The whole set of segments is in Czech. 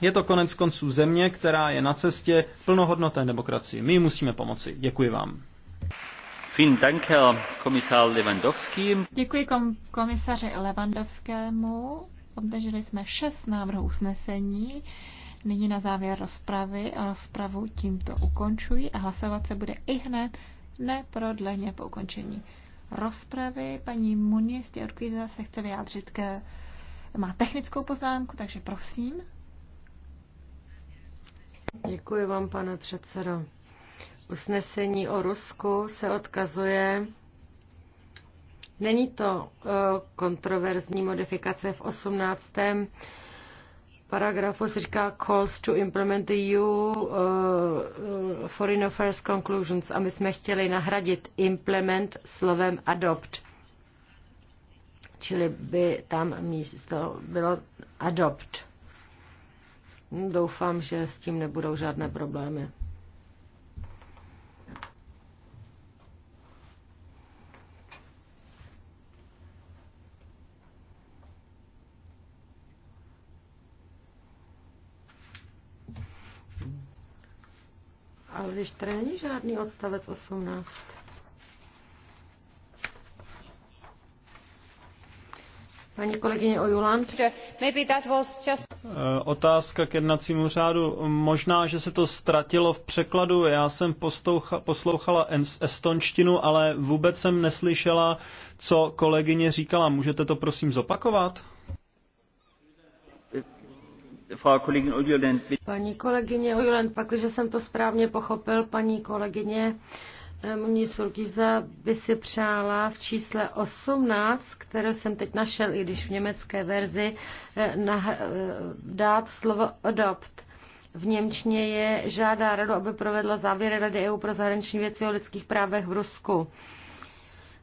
Je to konec konců země, která je na cestě plnohodnotné demokracii. My musíme pomoci. Děkuji vám. Děkuji kom- komisaři Levandovskému. Obdrželi jsme šest návrhů usnesení. Nyní na závěr rozpravy. Rozpravu tímto ukončuji a hlasovat se bude i hned neprodleně po ukončení rozpravy. Paní Muniz Jorkvíza se chce vyjádřit ke... Má technickou poznámku, takže prosím. Děkuji vám, pane předsedo. Usnesení o Rusku se odkazuje Není to eh, kontroverzní modifikace v 18. paragrafu se říká calls to implement EU eh, foreign affairs conclusions a my jsme chtěli nahradit implement slovem adopt. Čili by tam místo bylo adopt. Doufám, že s tím nebudou žádné problémy. Ale když tady není žádný odstavec 18. Paní kolegyně Ojuland. Eh, otázka k jednacímu řádu. Možná, že se to ztratilo v překladu. Já jsem poslouchala estonštinu, ale vůbec jsem neslyšela, co kolegyně říkala. Můžete to prosím zopakovat? Paní kolegyně Ojuland, pakliže jsem to správně pochopil, paní kolegyně Muniz Urgiza by si přála v čísle 18, které jsem teď našel, i když v německé verzi, eh, eh, dát slovo adopt. V Němčině je žádá radu, aby provedla závěry Rady EU pro zahraniční věci o lidských právech v Rusku.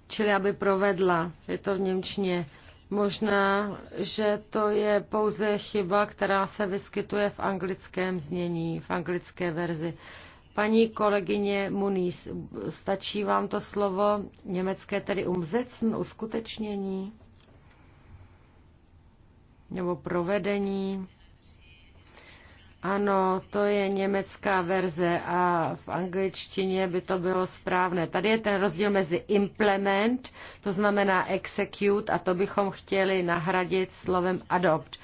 Čili aby provedla, je to v Němčině. Možná, že to je pouze chyba, která se vyskytuje v anglickém znění, v anglické verzi. Paní kolegyně Muniz, stačí vám to slovo německé tedy umzecn, uskutečnění nebo provedení? Ano, to je německá verze a v angličtině by to bylo správné. Tady je ten rozdíl mezi implement, to znamená execute, a to bychom chtěli nahradit slovem adopt.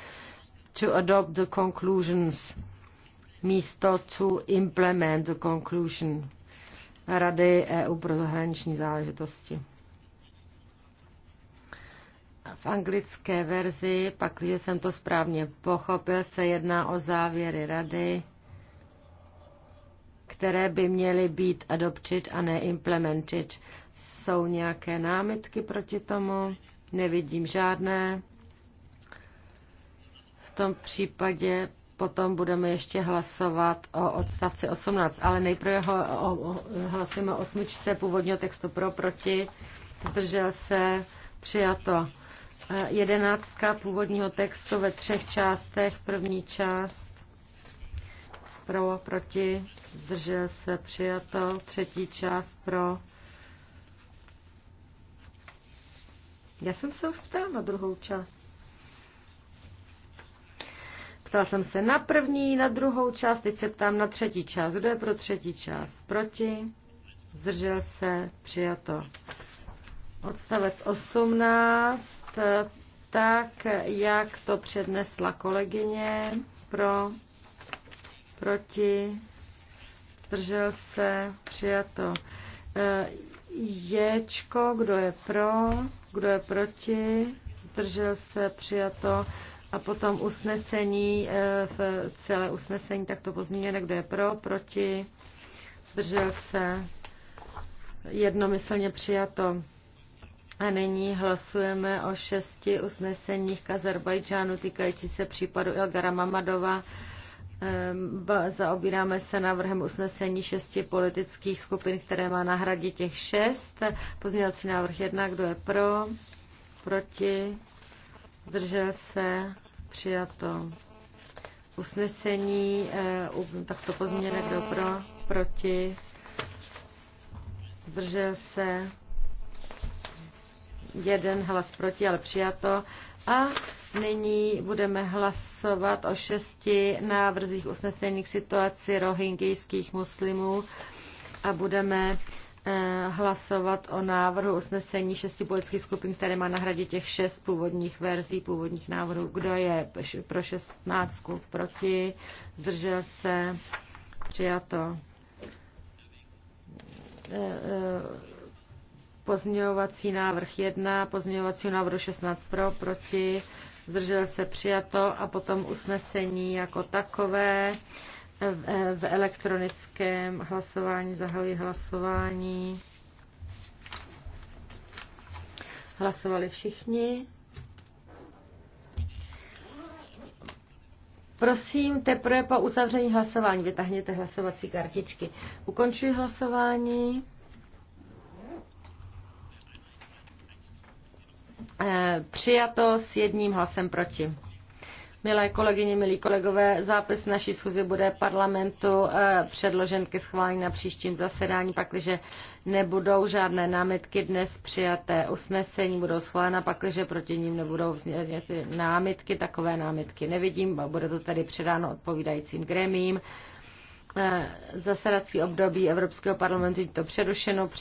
To adopt the conclusions místo to implement the conclusion Rady EU pro zahraniční záležitosti. V anglické verzi, pak, když jsem to správně pochopil, se jedná o závěry rady, které by měly být adopted a ne implemented. Jsou nějaké námitky proti tomu? Nevidím žádné. V tom případě Potom budeme ještě hlasovat o odstavci 18, ale nejprve ho, o, o, hlasujeme o osmičce původního textu pro, proti, zdržel se, přijato. E, jedenáctka původního textu ve třech částech, první část pro, proti, zdržel se, přijato, třetí část pro. Já jsem se už ptal na druhou část. Ptal jsem se na první, na druhou část, teď se ptám na třetí část. Kdo je pro třetí část? Proti? Zdržel se? Přijato. Odstavec 18, tak jak to přednesla kolegyně, pro, proti, zdržel se, přijato. E, Ječko, kdo je pro, kdo je proti, zdržel se, přijato. A potom usnesení, eh, v celé usnesení to pozměněné, kdo je pro, proti, zdržel se, jednomyslně přijato. A nyní hlasujeme o šesti usneseních k Azerbajdžánu týkající se případu Ilgara Mamadova. Ehm, zaobíráme se návrhem usnesení šesti politických skupin, které má nahradit těch šest. Pozměňovací návrh jedna, kdo je pro, proti, zdržel se, Přijato. Usnesení eh, takto pozměněné, kdo pro, proti, zdržel se, jeden hlas proti, ale přijato. A nyní budeme hlasovat o šesti návrzích usnesení k situaci rohingijských muslimů a budeme Eh, hlasovat o návrhu usnesení šesti politických skupin, které má nahradit těch šest původních verzí, původních návrhů. Kdo je pro šestnáctku proti? Zdržel se? Přijato. Eh, eh, pozměňovací návrh 1, pozměňovací návrh 16 pro, proti, zdržel se přijato a potom usnesení jako takové Eh, v elektronickém hlasování zahajuji hlasování. Hlasovali všichni. Prosím, teprve po uzavření hlasování vytáhněte hlasovací kartičky. Ukončuji hlasování. Eh, přijato s jedním hlasem proti. Milé kolegyně, milí kolegové, zápis naší schůze bude parlamentu eh, předložen ke schválení na příštím zasedání, pakliže nebudou žádné námitky dnes přijaté usnesení, budou schválena, pakliže proti ním nebudou vznět námitky, takové námitky nevidím, bude to tedy předáno odpovídajícím gremím. Eh, zasedací období Evropského parlamentu je to přerušeno.